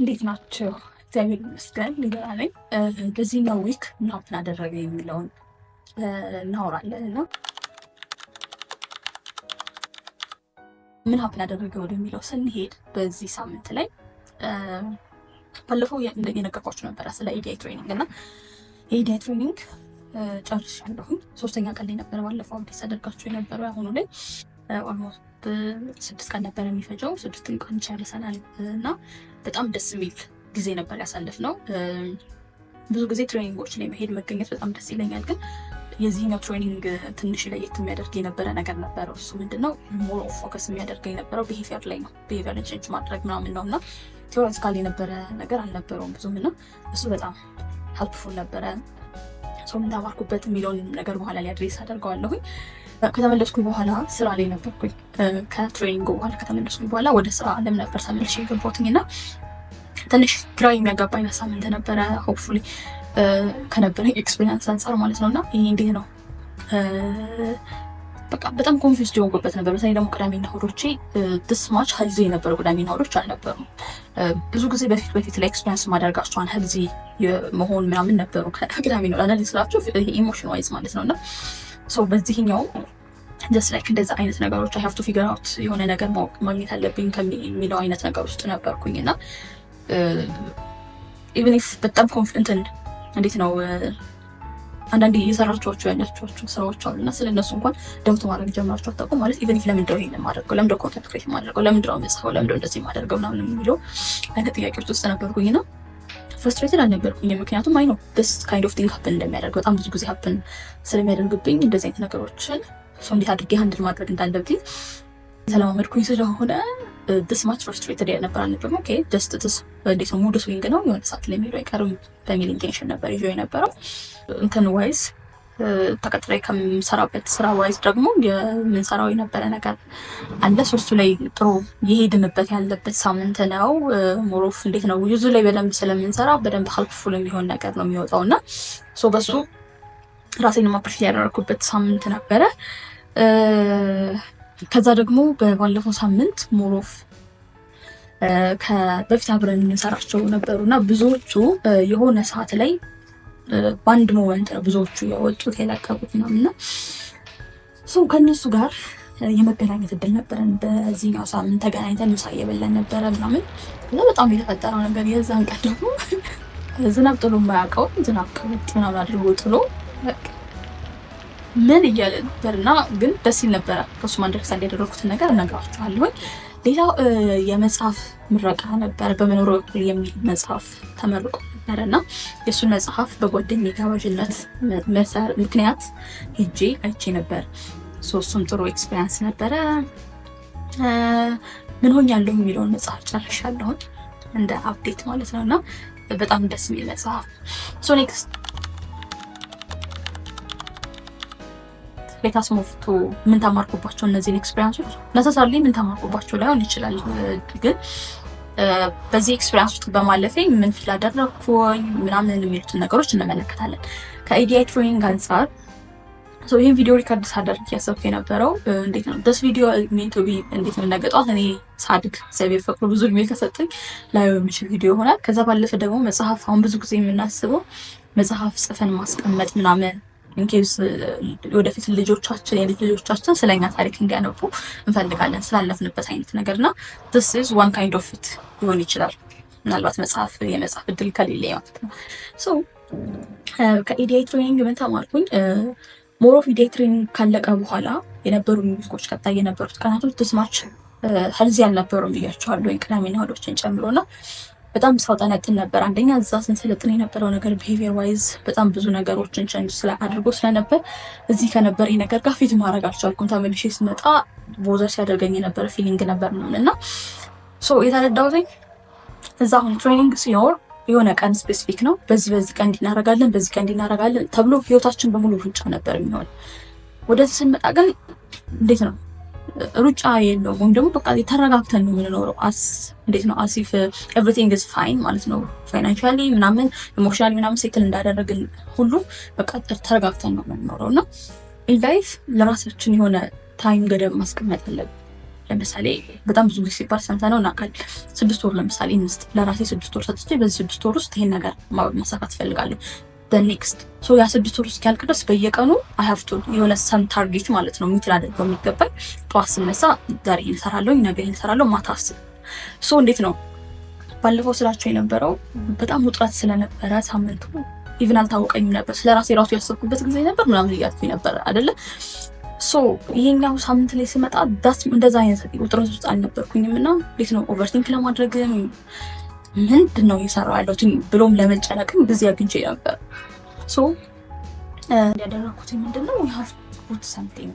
እንዴት ናቸው? እግዚአብሔር ይመስገን ሊበራ ነኝ። በዚህኛው ዊክ ምን አደረገ የሚለውን እናወራለን ነው ምን ሀፕን አደረገ ወደሚለው ስንሄድ በዚህ ሳምንት ላይ ባለፈው የነገርኳችሁ ነበረ ስለ ኤዲአይ ትሬኒንግ እና የኤዲአይ ትሬኒንግ ጨርሻለሁኝ። ሶስተኛ ቀን ላይ ነበረ ባለፈው አዲስ አደርጋችሁ የነበረው አሁኑ ላይ ኦልሞስት ስድስት ቀን ነበር የሚፈጀው። ስድስቱን ቀን ጨርሰናል እና በጣም ደስ የሚል ጊዜ ነበር ነው። ብዙ ጊዜ ትሬኒንጎች ላይ መሄድ መገኘት በጣም ደስ ይለኛል፣ ግን የዚህኛው ትሬኒንግ ትንሽ ለየት የሚያደርግ የነበረ ነገር ነበረው። እሱ ምንድነው ሞር ፎከስ የሚያደርገው የነበረው ብሄቪየር ላይ ነው። ብሄቪየር ቼንጅ ማድረግ ምናምን ነው እና ቴዎሬቲካል የነበረ ነገር አልነበረውም ብዙም እና እሱ በጣም ሀልፕፉል ነበረ። ሰው ምን ታማርኩበት የሚለውን ነገር በኋላ ላይ አድሬስ አደርገዋለሁኝ። ከተመለስኩኝ በኋላ ስራ ላይ ነበርኩኝ። ከትሬኒንግ በኋላ ከተመለስኩኝ በኋላ ወደ ስራ አለም ነበር ተመልሼ የገባሁትኝ እና ትንሽ ግራ የሚያጋባኝ ሳምንት ነበረ። ሆፕፉሊ ከነበረ ኤክስፔሪንስ አንጻር ማለት ነው እና ይህ እንዴት ነው በቃ በጣም ኮንፊውዝ የሆንኩበት ነበር። በተለይ ደግሞ ቅዳሜና እሑዶቼ ትስማች ሀልዚ የነበረው ቅዳሜና እሑዶች አልነበሩም። ብዙ ጊዜ በፊት በፊት ላይ ኤክስፔሪንስ ማደርጋቸዋን ሀልዚ መሆን ምናምን ነበሩ ቅዳሜ ነው ላናሊ ስላቸው ኢሞሽን ዋይዝ ማለት ነው እና በዚህኛው ደስ ላይክ እንደዛ አይነት ነገሮች አይ ሀፍቱ ፊገር አውት የሆነ ነገር ማወቅ ማግኘት አለብኝ ከሚለው አይነት ነገር ውስጥ ነበርኩኝ እና ኢቨን ኢፍ በጣም እንትን እንዴት ነው አንዳንድ የሰራቸዋቸው ያላቸዋቸው ስራዎች አሉ እና ስለነሱ እንኳን ደምቶ ማድረግ ጀምራቸው አታውቁም። ማለት ኢቨን ኢፍ ለምንድነው ይሄን የማደርገው፣ ለምንድነው ኮንተንት ክሬት የማደርገው፣ ለምንድነው መጽፈው ለምንድነው እንደዚህ የማደርገው ምናምን የሚለው አይነት ጥያቄዎች ውስጥ ነበርኩኝ ነው ፍርስትሬትድ አልነበርኩኝ። ምክንያቱም አይ ነው ስ ካይንድ ኦፍ ቲንግ ሀፕን እንደሚያደርግ በጣም ብዙ ጊዜ ሀፕን ስለሚያደርግብኝ እንደዚህ አይነት ነገሮችን ሰው እንዴት አድርጌ ሀንድል ማድረግ እንዳለብኝ ተለማመድኩኝ ስለሆነ ስ ማች ፍርስትሬትድ ነበር አልነበርም። ኦኬ ስ ስ uh, እንዴት ነው ሙድ ስዊንግ ነው የሆነ ሰዓት ለሚሄዱ አይቀርም በሚል ኢንቴንሽን ነበር ይዞ የነበረው እንትን ዋይዝ ተቀጥሬ ከምሰራበት ስራ ዋይዝ ደግሞ የምንሰራው የነበረ ነገር አለ። ሶስቱ ላይ ጥሩ የሄድንበት ያለበት ሳምንት ነው። ሞሮፍ እንዴት ነው ዩዙ ላይ በደንብ ስለምንሰራ በደንብ ሀልፕፉል የሚሆን ነገር ነው የሚወጣው እና ሶ በሱ ራሴን ማፕሪት ያደረኩበት ሳምንት ነበረ። ከዛ ደግሞ በባለፈው ሳምንት ሞሮፍ በፊት አብረን የምንሰራቸው ነበሩ እና ብዙዎቹ የሆነ ሰዓት ላይ በአንድ ሞመንት ነው ብዙዎቹ የወጡት የለቀቁት ነው እና ሰው ከእነሱ ጋር የመገናኘት እድል ነበረን። በዚህኛው ሳምንት ተገናኝተን ምሳ እየበላን ነበረ ምናምን እና በጣም የተፈጠረው ነገር የዛን ቀን ደግሞ ዝናብ ጥሎ የማያውቀው ዝናብ ቅብጥ ምናምን አድርጎ ጥሎ ምን እያለ ነበር እና ግን ደስ ይል ነበረ። ከሱ አንደርስታንድ እንዲያደረኩትን ነገር እነግራችኋለሁኝ። ሌላው የመጽሐፍ ምረቃ ነበር። በመኖር በኩል የሚል መጽሐፍ ተመርቆ ነበር እና የእሱን መጽሐፍ በጓደኛ ጋባዥነት ምክንያት ሄጄ አይቼ ነበር። ሶስቱም ጥሩ ኤክስፔሪንስ ነበረ። ምን ሆኛለሁ የሚለውን መጽሐፍ ጨርሻለሁን እንደ አፕዴት ማለት ነው እና በጣም ደስ የሚል መጽሐፍ ሶ ኔክስት ሌታስ ሞፍቶ ምን ተማርኩባቸው እነዚህን ኤክስፔሪንሶች ነሰሳሌ ምን ተማርኩባቸው ላይሆን ይችላል፣ ግን በዚህ ኤክስፔሪንስ ውስጥ በማለፌ ምን ፊል አደረግኩኝ ምናምን የሚሉትን ነገሮች እንመለከታለን። ከኢዲያ ትሬኒንግ አንጻር ይህን ቪዲዮ ሪከርድ ሳደርግ ያሰብኩ የነበረው እንዴት ነው ደስ ቪዲዮ ሜንቶ ቢ እንዴት ነው ነገጧት እኔ ሳድግ እግዚአብሔር ፈቅዶ ብዙ እድሜ ከሰጠኝ ላይ የሚችል ቪዲዮ ይሆናል። ከዛ ባለፈ ደግሞ መጽሐፍ አሁን ብዙ ጊዜ የምናስበው መጽሐፍ ጽፈን ማስቀመጥ ምናምን ኢንኬዝ uh, ወደፊት ልጆቻችን የልጅ ልጆቻችን ስለኛ ታሪክ እንዲያነቡ እንፈልጋለን ስላለፍንበት አይነት ነገር እና ስ ዋን ካይንድ ኦፍ ፊት ሊሆን ይችላል። ምናልባት መጽሐፍ የመጽሐፍ እድል ከሌለ ማለት ነው። uh, ከኢዲአይ ትሬኒንግ ምን ተማርኩኝ? ሞር ኦፍ ኢዲይ ትሬኒንግ ካለቀ በኋላ የነበሩ ሚዚኮች ቀጣይ የነበሩት ቀናቶች ትስማች ሀልዚ uh, ያልነበሩ ብያቸዋለሁ፣ ቅዳሜና እሑዶችን ጨምሮ ነው በጣም ሳውጠነጥን ነበር። አንደኛ እዛ ስንሰለጥን የነበረው ነገር ቢሄቪየር ዋይዝ በጣም ብዙ ነገሮችን ቸንጅ አድርጎ ስለነበር እዚህ ከነበረ ነገር ጋር ፊት ማድረግ አልቻልኩም። ተመልሼ ስመጣ ቦዘር ሲያደርገኝ የነበረ ፊሊንግ ነበር ምናምን እና የተረዳሁትኝ እዛ አሁን ትሬኒንግ ሲኖር የሆነ ቀን ስፔሲፊክ ነው። በዚህ በዚህ ቀን እንዲናረጋለን፣ በዚህ ቀን እንዲናረጋለን ተብሎ ህይወታችን በሙሉ ሩጫ ነበር የሚሆን። ወደዚህ ስንመጣ ግን እንዴት ነው ሩጫ የለውም ወይም ደግሞ በቃ የተረጋግተን ነው የምንኖረው። እንዴት ነው አሲፍ ኤቭሪቲንግ ኢዝ ፋይን ማለት ነው። ፋይናንሻሊ ምናምን ኢሞሽናሊ ምናምን ሴትል እንዳደረግን ሁሉ በቃ ተረጋግተን ነው የምንኖረው እና ኢንላይፍ ለራሳችን የሆነ ታይም ገደብ ማስቀመጥ አለብን። ለምሳሌ በጣም ብዙ ጊዜ ሲባል ሰምተ ሰምተነው እናውቃለን። ስድስት ወር ለምሳሌ ለራሴ ስድስት ወር ሰጥቼ በዚህ ስድስት ወር ውስጥ ይሄን ነገር ማሳካት እፈልጋለሁ ኔክስት ሶ ያ ስድስት ወር እስኪያልቅ ድረስ በየቀኑ አይሀፍቱ የሆነ ሰም ታርጌት ማለት ነው ሚት ላደርግ በሚገባኝ ጠዋት ስነሳ ዛሬ ይሄን ነገ ይሄን ማታ አስብ። ሶ እንዴት ነው ባለፈው ስላቸው የነበረው በጣም ውጥረት ስለነበረ ሳምንቱ ኢቭን አልታወቀኝም ነበር። ስለ ራሴ ራሱ ያሰብኩበት ጊዜ ነበር ምናምን እያልኩኝ ነበር አይደለ ሶ ይሄኛው ሳምንት ላይ ስመጣ ዳስ እንደዛ አይነት ውጥረት ውስጥ አልነበርኩኝም እና እንዴት ነው ኦቨርቲንክ ለማድረግም ምንድን ነው እየሰራ ያለሁት ብሎም ለመጨነቅም ጊዜ አግኝቼ ነበር። ያደረኩት ምንድን ነው ሀፍት ሰምቲንግ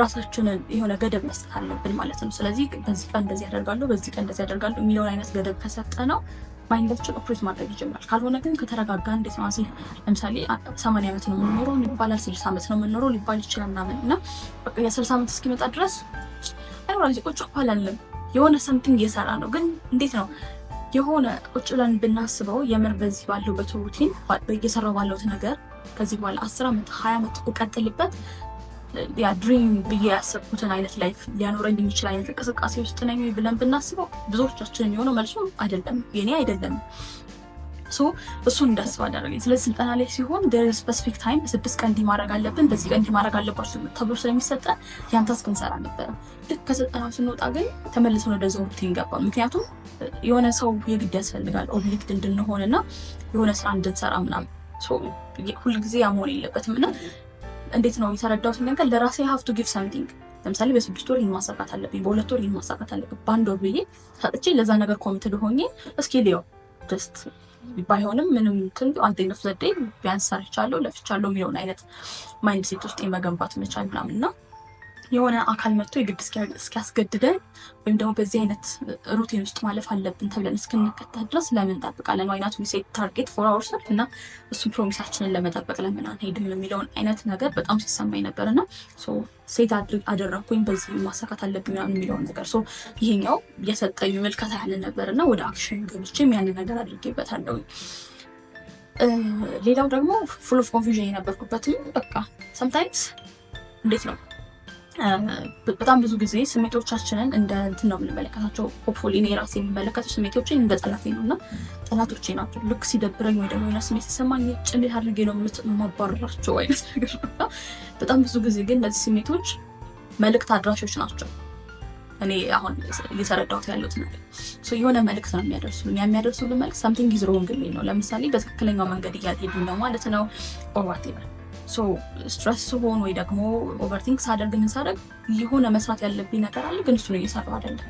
ራሳችንን የሆነ ገደብ መስጠት አለብን ማለት ነው። ስለዚህ በዚህ ቀን እንደዚህ ያደርጋለሁ፣ በዚህ ቀን እንደዚህ ያደርጋለሁ የሚለውን አይነት ገደብ ከሰጠ ነው ማይንዳችን ኦፕሬት ማድረግ ይጀምራል። ካልሆነ ግን ከተረጋጋ እንዴት ነው አሲፍ ለምሳሌ ሰማንያ ዓመት ነው የምንኖረው ይባላል፣ ስልሳ ዓመት ነው የምንኖረው ሊባል ይችላል ምናምን እና የስልሳ ዓመት እስኪመጣ ድረስ አይኖራ ቁጭ አላለም የሆነ ሰምቲንግ እየሰራ ነው ግን እንዴት ነው የሆነ ቁጭ ብለን ብናስበው የምር በዚህ ባለሁበት ሩቲን እየሰራው ባለሁት ነገር ከዚህ በኋላ አስር ዓመት ሀያ ዓመት እቀጥልበት ያ ድሪም ብዬ ያሰብኩትን አይነት ላይፍ ሊያኖረኝ የሚችል አይነት እንቅስቃሴ ውስጥ ነኝ ብለን ብናስበው ብዙዎቻችን የሆነው መልሱ አይደለም፣ የኔ አይደለም። እሱን እንዳስባ አደረገኝ። ስለዚህ ስልጠና ላይ ሲሆን ስፐሲፊክ ታይም ስድስት ቀን እንዲህ ማድረግ አለብን፣ በዚህ ቀን እንዲህ ማድረግ አለባችሁ ተብሎ ስለሚሰጠን ያን ታስክ እንሰራ ነበረ። ልክ ከስልጠና ስንወጣ ግን ተመልሰን ወደዛ ሩቲን ገባ። ምክንያቱም የሆነ ሰው የግድ ያስፈልጋል ኦብሊክት እንድንሆን እና የሆነ ስራ እንድንሰራ ምናምን ሁልጊዜ ያመሆን የለበትም እና እንዴት ነው የተረዳሁት ነገር ለራሴ ሀፍቱ ጊቭ ሰምቲንግ ለምሳሌ በስድስት ወር ይህን ማሳካት አለብኝ፣ በሁለት ወር ይህን ማሳካት አለብኝ፣ በአንድ ወር ብዬ ሰጥቼ ለዛ ነገር ኮሚትድ ሆኜ እስኪ ሊዮ ደስት ባይሆንም ምንም እንትን አንድ ይነፍ ዘዴ ቢያንስ ሰርቻለሁ ለፍቻለሁ የሚለውን አይነት ማይንድ ሴት ውስጥ የመገንባት መቻል ምናምን እና የሆነ አካል መጥቶ የግድ እስኪያስገድደን ወይም ደግሞ በዚህ አይነት ሩቲን ውስጥ ማለፍ አለብን ተብለን እስክንከተት ድረስ ለምን እንጠብቃለን? አይነት ሴት ታርጌት ፎር አወር ሰልፍ እና እሱን ፕሮሚሳችንን ለመጠበቅ ለምን አንሄድም የሚለውን አይነት ነገር በጣም ሲሰማኝ ነበር እና ሴት አደረግኩኝ በዚህ ማሳካት አለብኝ የሚለውን ነገር ይሄኛው የሰጠኝ ምልከታ ያለ ነበር እና ወደ አክሽን ገብቼም ያንን ነገር አድርጌበታለሁኝ። ሌላው ደግሞ ፉል ኦፍ ኮንፊዥን የነበርኩበትም በቃ ሰምታይምስ እንዴት ነው በጣም ብዙ ጊዜ ስሜቶቻችንን እንደ እንትን ነው የምንመለከታቸው። ሆፕፉሊ እኔ ራሴ የሚመለከቱ ስሜቶችን እንደ ጠላት ነው እና ጠላቶቼ ናቸው። ልክ ሲደብረኝ ወይ ደግሞ የሆነ ስሜት ሲሰማኝ ጭል አድርጌ ነው የማባረራቸው አይነት ነገር ነው። በጣም ብዙ ጊዜ ግን እነዚህ ስሜቶች መልእክት አድራሾች ናቸው። እኔ አሁን እየተረዳሁት ያለሁት ነገር የሆነ መልእክት ነው የሚያደርሱ የሚያደርሱ መልእክት ሳምቲንግ ኢዝ ሮንግ የሚል ነው። ለምሳሌ በትክክለኛው መንገድ እያልሄድን ነው ማለት ነው ኦርዋት ዋቴቨር ስትረስ ሆን ወይ ደግሞ ኦቨርቲንክ ሳደርግን ሳደርግ የሆነ መስራት ያለብኝ ነገር አለ፣ ግን እሱን እየሰራሁ አይደለም።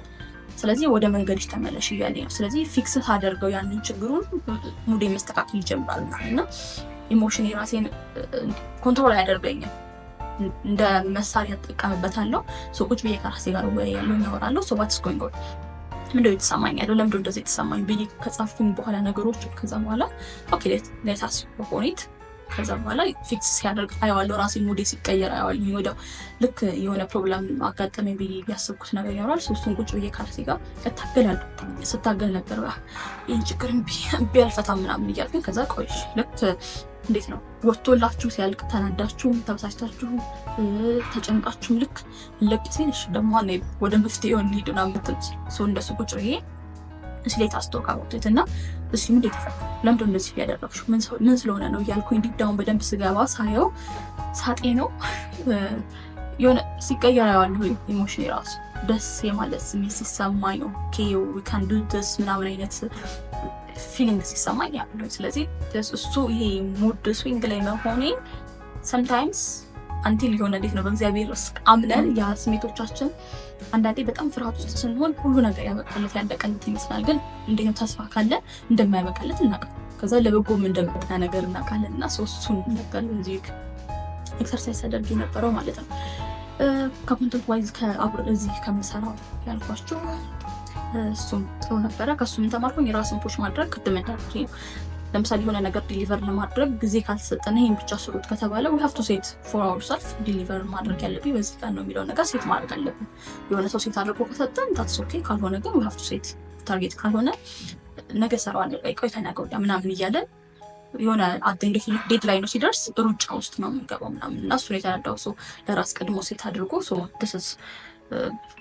ስለዚህ ወደ መንገድሽ ተመለሽ እያለ ነው። ስለዚህ ፊክስ ሳደርገው ያንን ችግሩን ሙዴ መስተካከል ይጀምራል እና ኢሞሽን የራሴን ኮንትሮል አያደርገኝም። እንደ መሳሪያ እጠቀምበታለሁ። ሰው ቁጭ ብዬ ከራሴ ጋር እወያያለሁ፣ እናወራለሁ። ሶባት ስኮንጎል ምንድን ነው የተሰማኝ ያለው ለምንድን እንደዚህ የተሰማኝ ብዬ ከጻፍኩኝ በኋላ ነገሮች ከዛ በኋላ ኦኬ ሌታስ ሆኔት ከዛ በኋላ ፊክስ ሲያደርግ አየዋለሁ። ራሴ ሙዴ ሲቀየር አየዋለሁ። ወዲያው ልክ የሆነ ፕሮብለም አጋጠመኝ ብዬ ያሰብኩት ነገር ይኖራል። ሶስቱን ቁጭ ብዬ ካርሲ ጋር እታገላለሁ። ስታገል ነበር ይህ ችግር ቢያልፈታ ምናምን እያልኩኝ ከዛ ቆይሽ ልክ እንዴት ነው ወጥቶላችሁ ሲያልቅ ተናዳችሁም ተበሳጭታችሁም ተጨንቃችሁም ልክ ለቅ ሲል ደግሞ ወደ መፍትሄ ሆን ሄድና ምትል ሰው እንደሱ ቁጭ ይሄ ስሌት አስተወቃ ወጥትና እሱ ምን የተፈጠ ለምደ እንደዚህ ያደረግሽው ምን ስለሆነ ነው እያልኩኝ ዲዳውን በደንብ ስገባ ሳየው ሳጤ ነው የሆነ ሲቀየር ያዋለሁ ኢሞሽን የራሱ ደስ የማለት ስሜት ሲሰማኝ ኦኬ ከንዱትስ ምናምን አይነት ፊሊንግ ሲሰማኝ ያለ ስለዚህ እሱ ይሄ ሙድ ስዊንግ ላይ መሆኔ ሰምታይምስ አንቲል የሆነ እንዴት ነው በእግዚአብሔር አምነን ያ ስሜቶቻችን አንዳንዴ በጣም ፍርሃት ውስጥ ስንሆን ሁሉ ነገር ያበቃለት ያለቀለት ይመስላል። ግን እንደኛ ተስፋ ካለ እንደማያበቃለት እናውቃለን። ከዛ ለበጎም እንደመጣ ነገር እናውቃለን። እና ሶስቱን ነገር እዚህ ኤክሰርሳይዝ ተደርግ የነበረው ማለት ነው። ከኮንተንት ዋይዝ እዚህ ከምሰራው ያልኳቸው እሱም ጥሩ ነበረ። ከእሱም ተማርኩኝ የራስን ፖች ማድረግ ቅድም እንዳልኩት ለምሳሌ የሆነ ነገር ዲሊቨር ለማድረግ ጊዜ ካልተሰጠን ይህን ብቻ ስሩት ከተባለ ሀፍቱ ሴት ፎር አወር ሰልፍ ዲሊቨር ማድረግ ያለብኝ በዚህ ቀን ነው የሚለው ነገር ሴት ማድረግ አለብን። የሆነ ሰው ሴት አድርጎ ከሰጠን ዳትስ ኦኬ፣ ካልሆነ ግን ሀፍቱ ሴት ታርጌት ካልሆነ ነገ ሰራ ቆይ ተነገ ወዲያ ምናምን እያለን የሆነ አደንዴት ዴት ላይ ነው ሲደርስ ሩጫ ውስጥ ነው የምንገባው ምናምን እና እሱን የተረዳው ሰው ለራስ ቀድሞ ሴት አድርጎ ስስ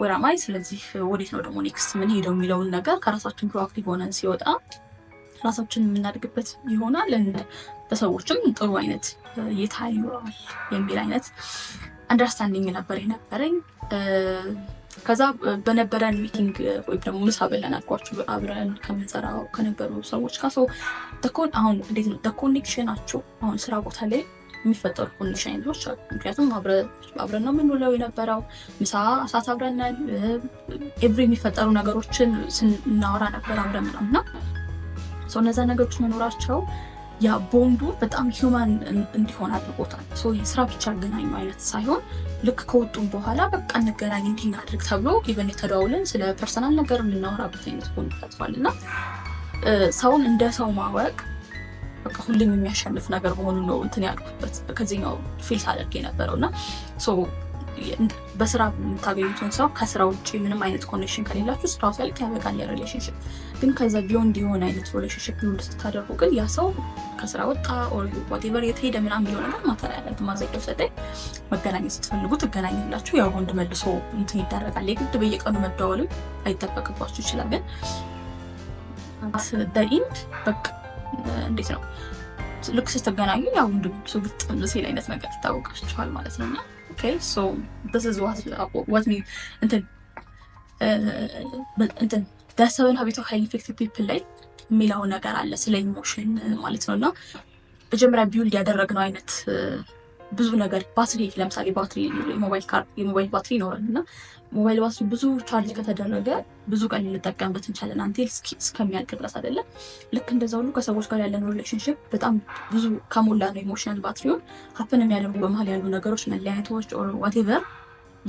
ወራማይ uh, ስለዚህ ወዴት ነው ደግሞ ኔክስት ምን ሄደው የሚለውን ነገር ከራሳችን ፕሮአክቲቭ ሆነን ሲወጣ ራሳችን የምናድግበት ይሆናል። ለሰዎችም ጥሩ አይነት እይታ ይኖረዋል የሚል አይነት አንደርስታንዲንግ ነበር የነበረኝ። ከዛ በነበረን ሚቲንግ ወይም ደግሞ ምሳ በለን አልኳችሁ አብረን ከምንሰራ ከነበሩ ሰዎች ጋር ሰው አሁን እንዴት ነው ኮኔክሽናቸው አሁን ስራ ቦታ ላይ የሚፈጠሩ ኮኔክሽን አይነቶች አሉ። ምክንያቱም አብረን ነው የምንውለው የነበረው ምሳ እሳት አብረናል። ኤቭሪ የሚፈጠሩ ነገሮችን ስናወራ ነበር አብረን ነው እና ሶ እነዛ ነገሮች መኖራቸው ያ ቦንዱ በጣም ሂውማን እንዲሆን አድርጎታል። የስራ ብቻ ያገናኙ አይነት ሳይሆን ልክ ከወጡም በኋላ በቃ እንገናኝ እንዲህ እናድርግ ተብሎ ኢቨን የተደዋውለን ስለ ፐርሰናል ነገር የምናወራበት አይነት ሆኖ ፈጥሯል እና ሰውን እንደ ሰው ማወቅ በቃ ሁሌም የሚያሸንፍ ነገር መሆኑ ነው እንትን ያልኩበት ከዚህኛው ፊልት አደርግ የነበረው እና በስራ የምታገኙትን ሰው ከስራ ውጭ ምንም አይነት ኮኔክሽን ከሌላችሁ ስራው ሲያልቅ ያበቃል የሪሌሽንሽፕ። ግን ከዛ ቢዮንድ የሆነ አይነት ሪሌሽንሽፕ ቢሆን ስታደርጉ ግን ያ ሰው ከስራ ወጣ ኦር የተሄደ ምናምን ቢሆን ነገር ማተር ያለት ማዘጊያ ሰጠ መገናኘት ስትፈልጉ ትገናኙላችሁ። ያው ወንድ መልሶ እንትን ይዳረጋል። የግድ በየቀኑ መደወልም አይጠበቅባችሁ ይችላል። ግን ኢንድ በቃ እንዴት ነው ልክ ስትገናኙ ያው ወንድ መልሶ ግጥም ሲል አይነት ነገር ትታወቃችኋል ማለት ነው እና ሰቨን ሀቢት ኦፍ ሃይሊ ኢፌክቲቭ ፒፕል ላይ የሚለው ነገር አለ ስለ ኢሞሽን ማለት ነው እና መጀመሪያ ቢውልድ ያደረግነው አይነት uh, ብዙ ነገር ባትሪ ለምሳሌ ባትሪ የሞባይል ካርድ የሞባይል ባትሪ ይኖራል እና ሞባይል ባትሪ ብዙ ቻርጅ ከተደረገ ብዙ ቀን ልንጠቀምበት እንችላለን። አንቴል እስከሚያልቅ ድረስ አይደለም። ልክ እንደዛ ሁሉ ከሰዎች ጋር ያለን ሪሌሽንሽፕ በጣም ብዙ ከሞላ ነው ኢሞሽናል ባትሪውን ሀፕን የሚያደርጉ በመሀል ያሉ ነገሮች መለያየቶች፣ ዋቴቨር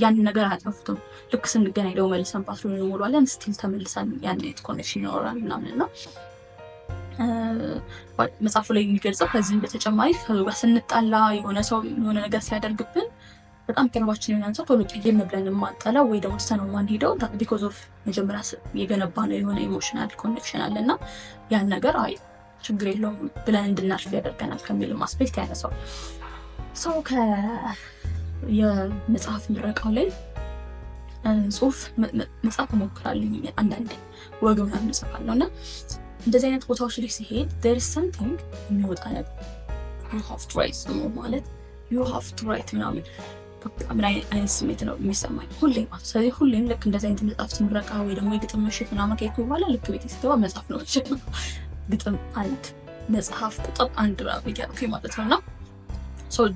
ያንን ነገር አያጠፉትም። ልክ ስንገናኝ ደግሞ መልሰን ባትሪውን እንሞላለን። ስቲል ተመልሰን ያን ኮኔክሽን ይኖራል ምናምን ነው መጽሐፉ ላይ የሚገልጸው ከዚህም በተጨማሪ ስንጣላ የሆነ ሰው የሆነ ነገር ሲያደርግብን በጣም ቅርባችን የሆነን ሰው ቶሎ ቅይም ብለን የማንጠላ ወይ ደግሞ ሰነው ማንሄደው ቢኮዝ ኦፍ መጀመሪያ የገነባ ነው የሆነ ኢሞሽናል ኮኔክሽን አለ እና ያን ነገር አይ ችግር የለውም ብለን እንድናልፍ ያደርገናል ከሚልም አስፔክት ያነሳው ሰው የመጽሐፍ ምረቃው ላይ ጽሁፍ መጽሐፍ እሞክራለሁ አንዳንዴ ወግ ምናምን እጽፋለሁ እና እንደዚህ አይነት ቦታዎች ላይ ሲሄድ ዜር ኢዝ ሰምቲንግ የሚወጣ ነገር ዩ ማለት ዩ ሃቭ ቱ ራይት ምናምን ምን አይነት ስሜት ነው የሚሰማኝ ሁሌ ማለት ስለዚህ ሁሌም ልክ እንደዚህ አይነት መጽሐፍ ምረቃ ወይ ደግሞ የግጥም ምሽት ምናምን ከሄድኩ በኋላ ልክ ቤት ስገባ መጽሐፍ ነው ግጥም አንድ መጽሐፍ ቁጥር አንድ እያልኩኝ ማለት ነው እና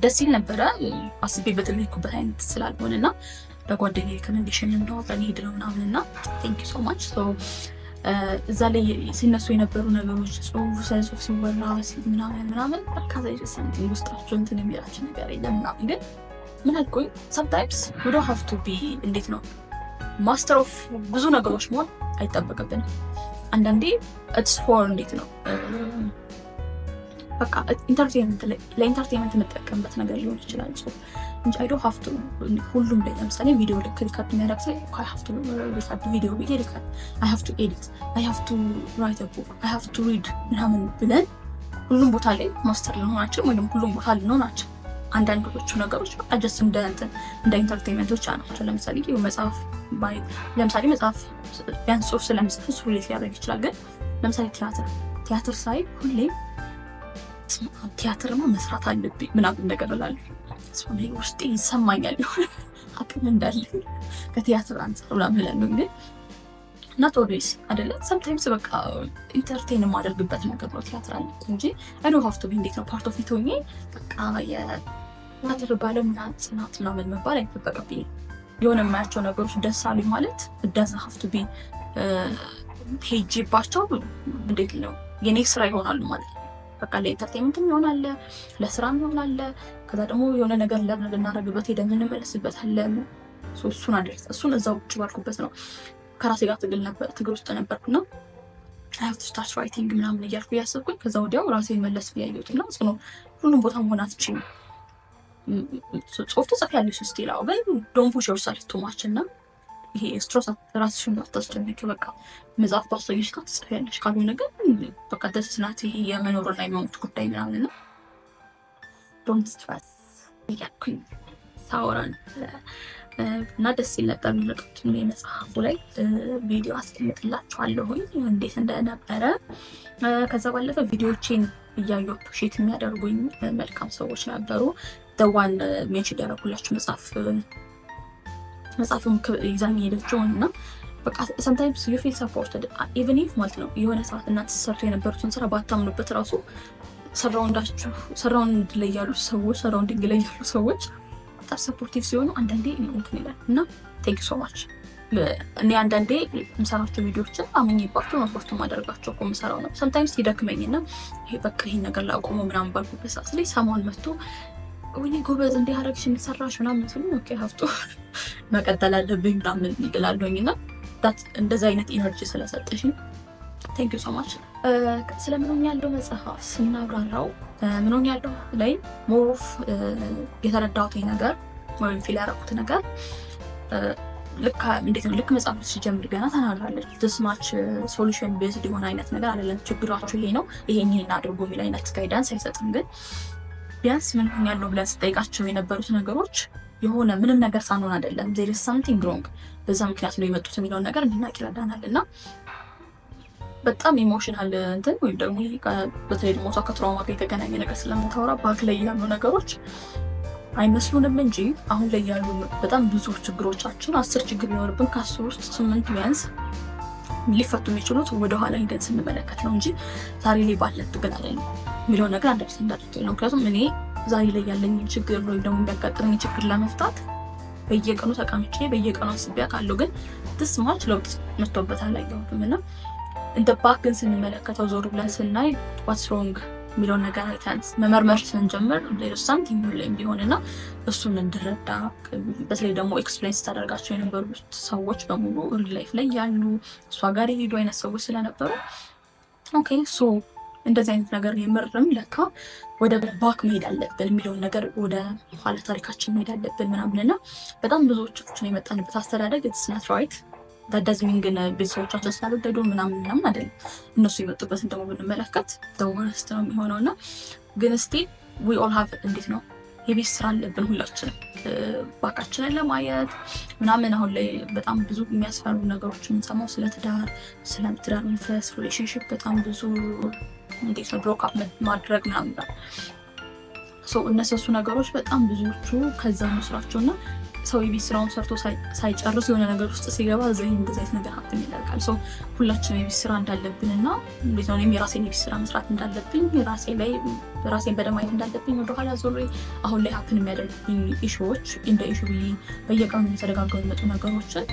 ደስ ይል ነበረ አስቤ የሄድኩበት አይነት ስላልሆነ እና በጓደኛዬ ከመንገሸን እንደወጣን ሄድ ነው ምናምን እና ቴንክ ዩ ሶ ማች እዛ ላይ ሲነሱ የነበሩ ነገሮች ጽሁፍ ሰጽሁፍ ሲወራ ምናምን ምናምን በርካታ ይሰሰን ውስጣቸው እንትን የሚላቸው ነገር የለም ምናምን ግን ምን አልኩኝ ሰምታይምስ ወደ ቱ ቢ እንዴት ነው ማስተር ኦፍ ብዙ ነገሮች መሆን አይጠበቅብንም። አንዳንዴ ኢትስ ፎር እንዴት ነው በቃ ኢንተርቴንመንት ለኢንተርቴንመንት የምጠቀምበት ነገር ሊሆን ይችላል ጽሁፍ እንጂ አይዶ ሀፍቱ ሁሉም ላይ ለምሳሌ ቪዲዮ ልክ ሪካርድ የሚያደርግ ሰው ሀፍቱ ሪካርድ ቪዲዮ ብዬ ሪካርድ አይ ሀፍቱ ኤዲት አይ ሀፍቱ ራይት ቡክ አይ ሀፍቱ ሪድ ምናምን ብለን ሁሉም ቦታ ላይ ማስተር ልንሆናቸው ወይም ሁሉም ቦታ ልንሆናቸው አንዳንዶቹ ነገሮች በቃ ጀስት እንደ እንትን እንደ ኢንተርቴንመንት ናቸው። ለምሳሌ መጽሐፍ ለምሳሌ መጽሐፍ ቢያንስ ጽሁፍ ስለምጽፍ እሱ ሁሌ ሊያደርግ ይችላል። ግን ለምሳሌ ቲያትር ቲያትር ሳይ ሁሌም ቲያትርማ መስራት አለብኝ ምናምን ነገር እላለሁ። ስለሆነ ውስጤ ይሰማኛል የሆነ አቅም እንዳለኝ ከቲያትር አንጻር ምናምን እላለሁ ግን ናት ኦልዌይስ አይደለም። ሰምታይምስ በቃ ኢንተርቴን የማደርግበት ነገር ነው ቲያትር አለ እንጂ አይ ሀፍቶ ሀቭ ቢ እንዴት ነው ፓርት ኦፍ ኢት ሆኜ በቃ የቲያትር ባለሙያ ጽናት ምናምን መባል አይጠበቅብኝ። የሆነ የማያቸው ነገሮች ደስ አሉኝ ማለት እዳዛ ሀፍቱ ቢ ሄጄባቸው እንዴት ነው የኔ ስራ ይሆናሉ ማለት ነው በቃ ለኢንተርቴንመንትም ይሆናል፣ ለስራም ይሆናል። ከዛ ደግሞ የሆነ ነገር ለርን ልናደርግበት ሄደን አለ። እሱን አደርስ እሱን እዛ ውጭ ባልኩበት ነው ከራሴ ጋር ትግል ነበር ትግል ውስጥ ነበርኩና ስታርት ራይቲንግ ምናምን እያልኩ እያሰብኩኝ ከዛ ወዲያው ራሴ መለስ ብያየሁት እና ጽኖ ሁሉም ቦታ መሆን አትችይም። ጽሁፍ ተጽፍ ያለች ስቲላው ግን ዶንት ፑሽ ዮርሰልፍ ቱ ይሄ ስትሮስ ራስሽን አታስጨንቂ። በቃ መጽሐፍ ባሳየሽ ጋር ትጽፊያለሽ። ካልሆነ ግን በቃ ደስናት ይሄ የመኖር ላይ መሞት ጉዳይ ምናምን ነው። ዶንት ስትረስ እያልኩኝ ሳወራ እና ደስ ይል ነበር። ምርቃቱን የመጽሐፉ ላይ ቪዲዮ አስቀምጥላችኋለሁኝ እንዴት እንደነበረ። ከዛ ባለፈ ቪዲዮዎቼን እያዩ ፕሪሼት የሚያደርጉኝ መልካም ሰዎች ነበሩ። ደዋን ሜንሽን ያደረጉላችሁ መጽሐፍ መጽሐፉን ይዛ ሄደችው እና በቃ ሰምታይምስ ዩ ፊል ሰፖርትድ ኢቨን ኢፍ ማለት ነው የሆነ ሰዓት እናት ሰርቶ የነበሩትን ስራ ባታምኑበት ራሱ ሰራውንዳችሁ ሰራውንድ ያሉ ሰዎች ሰራውንዲንግ ላይ ያሉ ሰዎች በጣም ሰፖርቲቭ ሲሆኑ አንዳንዴ እንትን ይላል እና ቴንክ ሶ ማች እኔ አንዳንዴ የምሰራቸው ቪዲዮዎችን አምኜባቸው ነው ፖስት ማደርጋቸው እኮ የምሰራው ነው። ሰምታይምስ ይደክመኝና ይሄ በቃ ይሄን ነገር ላቆመው ምናምን ባልኩበት ሰዓት ላይ ሰማን መጥቶ ወይኔ ጎበዝ እንዲህ አደረግሽ እንዲሰራሽ ምናምን ስሉ ኦኬ ሀፍቶ መቀጠል አለብኝ ምናምን ይላለኝ እና ዳት እንደዚ አይነት ኢነርጂ ስለሰጠሽኝ ቴንክ ዩ ሶማች። ስለ ምንሆን ያለው መጽሐፍ ስናብራራው ምንሆን ያለው ላይ ሞሮፍ የተረዳሁት ነገር ወይም ፊል ያረኩት ነገር እንዴት ነው ልክ መጽሐፍ ሲጀምር ገና ተናግራለች። ትስማች ሶሉሽን ቤዝድ የሆነ አይነት ነገር አለለን። ችግራችሁ ይሄ ነው ይሄን ይሄን አድርጎ የሚል አይነት ጋይዳንስ አይሰጥም ግን ቢያንስ ምን ሆኛለሁ ብለን ስጠይቃቸው የነበሩት ነገሮች የሆነ ምንም ነገር ሳንሆን አይደለም ዜር ሳምቲንግ ሮንግ በዛ ምክንያት ነው የመጡት የሚለውን ነገር እንድናቅ ይረዳናል። እና በጣም ኢሞሽናል እንትን ወይም ደግሞ በተለይ ደግሞ እሷ ከትራውማ ጋር የተገናኘ ነገር ስለምታወራ ባክ ላይ ያሉ ነገሮች አይመስሉንም እንጂ አሁን ላይ ያሉ በጣም ብዙ ችግሮቻችን አስር ችግር ቢኖርብን ከአስር ውስጥ ስምንት ቢያንስ ሊፈቱ የሚችሉት ወደኋላ ሂደን ስንመለከት ነው እንጂ ዛሬ ላይ ባለብን ግን አይደለም። የሚለው ነገር አንድ ፐርሰንት አድርጌ ነው። ምክንያቱም እኔ ዛሬ ላይ ያለኝን ችግር ወይም ደግሞ የሚያጋጥመኝ ችግር ለመፍታት በየቀኑ ተቀምጬ በየቀኑ አስቤያ ካለው ግን ትስማች ለውጥ መጥቶበታል አላየሁትም። እና እንደ ባክን ስንመለከተው ዞር ብለን ስናይ ዋትስ ሮንግ የሚለውን ነገር አይተን መመርመር ስንጀምር ሌሎች ሳምቲንግ ላይ ቢሆን እና እሱን እንድረዳ በተለይ ደግሞ ኤክስፕሬንስ ታደርጋቸው የነበሩት ሰዎች በሙሉ ሪል ላይፍ ላይ ያሉ እሷ ጋር የሄዱ አይነት ሰዎች ስለነበሩ ኦኬ ሶ እንደዚህ አይነት ነገር የምርም ለካ ወደ ባክ መሄድ አለብን የሚለውን ነገር ወደ ኋላ ታሪካችን መሄድ አለብን ምናምን ምናምንና በጣም ብዙዎቻችን የመጣንበት አስተዳደግ ስናት ራይት ግን ቤተሰቦቻቸው ስላልወደዱ ምናምን ምናምን አይደለም። እነሱ የመጡበትን ደግሞ ብንመለከት ደወረስት ነው የሚሆነው እና ግን እስቲ ዊ ኦል ሀቭ እንዴት ነው የቤት ስራ አለብን ሁላችንም ባካችንን ለማየት ምናምን። አሁን ላይ በጣም ብዙ የሚያስፈሩ ነገሮች የምንሰማው ስለ ትዳር፣ ስለ ትዳር መንፈስ፣ ሪሌሽንሽፕ በጣም ብዙ እንዴት ነው ብሎክ አፕ ማድረግ ምናምን እነሱ እነሰሱ ነገሮች በጣም ብዙዎቹ ከዛ ነው ስራቸው እና ሰው የቤት ስራውን ሰርቶ ሳይጨርስ የሆነ ነገር ውስጥ ሲገባ እዛ እንደዚህ ነገር ሀብት ያደርጋል። ሰው ሁላችንም የቤት ስራ እንዳለብን እና እንዴት ነው እኔም የራሴን የቤት ስራ መስራት እንዳለብኝ ራሴ ላይ ራሴን በደንብ ማየት እንዳለብኝ ወደኋላ ዞሬ አሁን ላይ ሀብትን የሚያደርግብኝ ኢሹዎች እንደ ኢሹ ብዬ በየቀኑ የተደጋገሙ የመጡ ነገሮችን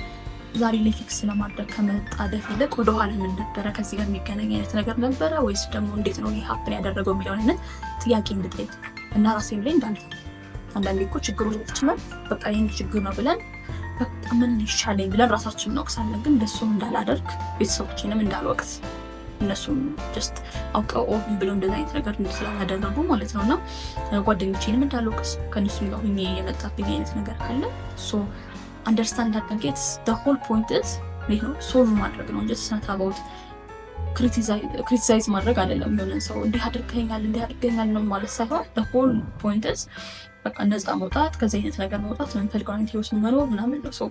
ዛሬ ላይ ፊክስ ለማድረግ ከመጣደፍ ይልቅ ወደኋላ ምን ነበረ ከዚህ ጋር የሚገናኝ አይነት ነገር ነበረ ወይስ ደግሞ እንዴት ነው ይህ ሀፕን ያደረገው የሚለውን አይነት ጥያቄ እንድጠይቅ እና ራሴም ላይ እንዳልፈ አንዳንዴ እኮ ችግሩ ይችላል በቃ ይህን ችግር ነው ብለን በቃ ምን ይሻለኝ ብለን ራሳችን እንወቅሳለን። ግን እንደሱም እንዳላደርግ ቤተሰቦችንም እንዳልወቅስ እነሱም ጀስት አውቀው ኦን ብሎ እንደዚ አይነት ነገር ስላላደረጉ ማለት ነው እና ጓደኞቼንም እንዳልወቅስ ከእነሱም ጋር ሁኜ የመጣብኝ አይነት ነገር ካለ አንደርስታንድ አድርጌት ሆል ፖይንት ሶልቭ ማድረግ ነው እንጂ ስነት አባውት ክሪቲሳይዝ ማድረግ አይደለም። የሆነ ሰው እንዲህ አድርገኛል እንዲህ አድርገኛል ነው ማለት ሳይሆን ሆል ፖይንትስ በቃ ነፃ መውጣት ከዚህ አይነት ነገር መውጣት የምንፈልገው አይነት ህይወት መኖር ምናምን ነው ሰው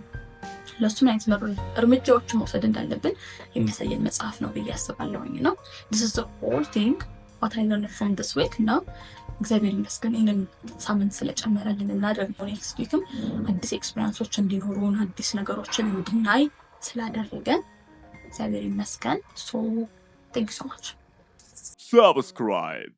ለሱን አይነት መሩ እርምጃዎችን መውሰድ እንዳለብን የሚያሳየን መጽሐፍ ነው ብዬ አስባለሁኝ ነው ስ ሆል ቲንግ ዋት አይ ለርንድ ፍሮም ዲስ ዊክ እና እግዚአብሔር ይመስገን ይህንን ሳምንት ስለጨመረልን እና ደግሞ ኔክስት ዊክም አዲስ ኤክስፔሪንሶች እንዲኖሩን አዲስ ነገሮችን እንድናይ ስላደረገን እግዚአብሔር ይመስገን። ሶ ቴንክ ሶ ማች። ሰብስክራይብ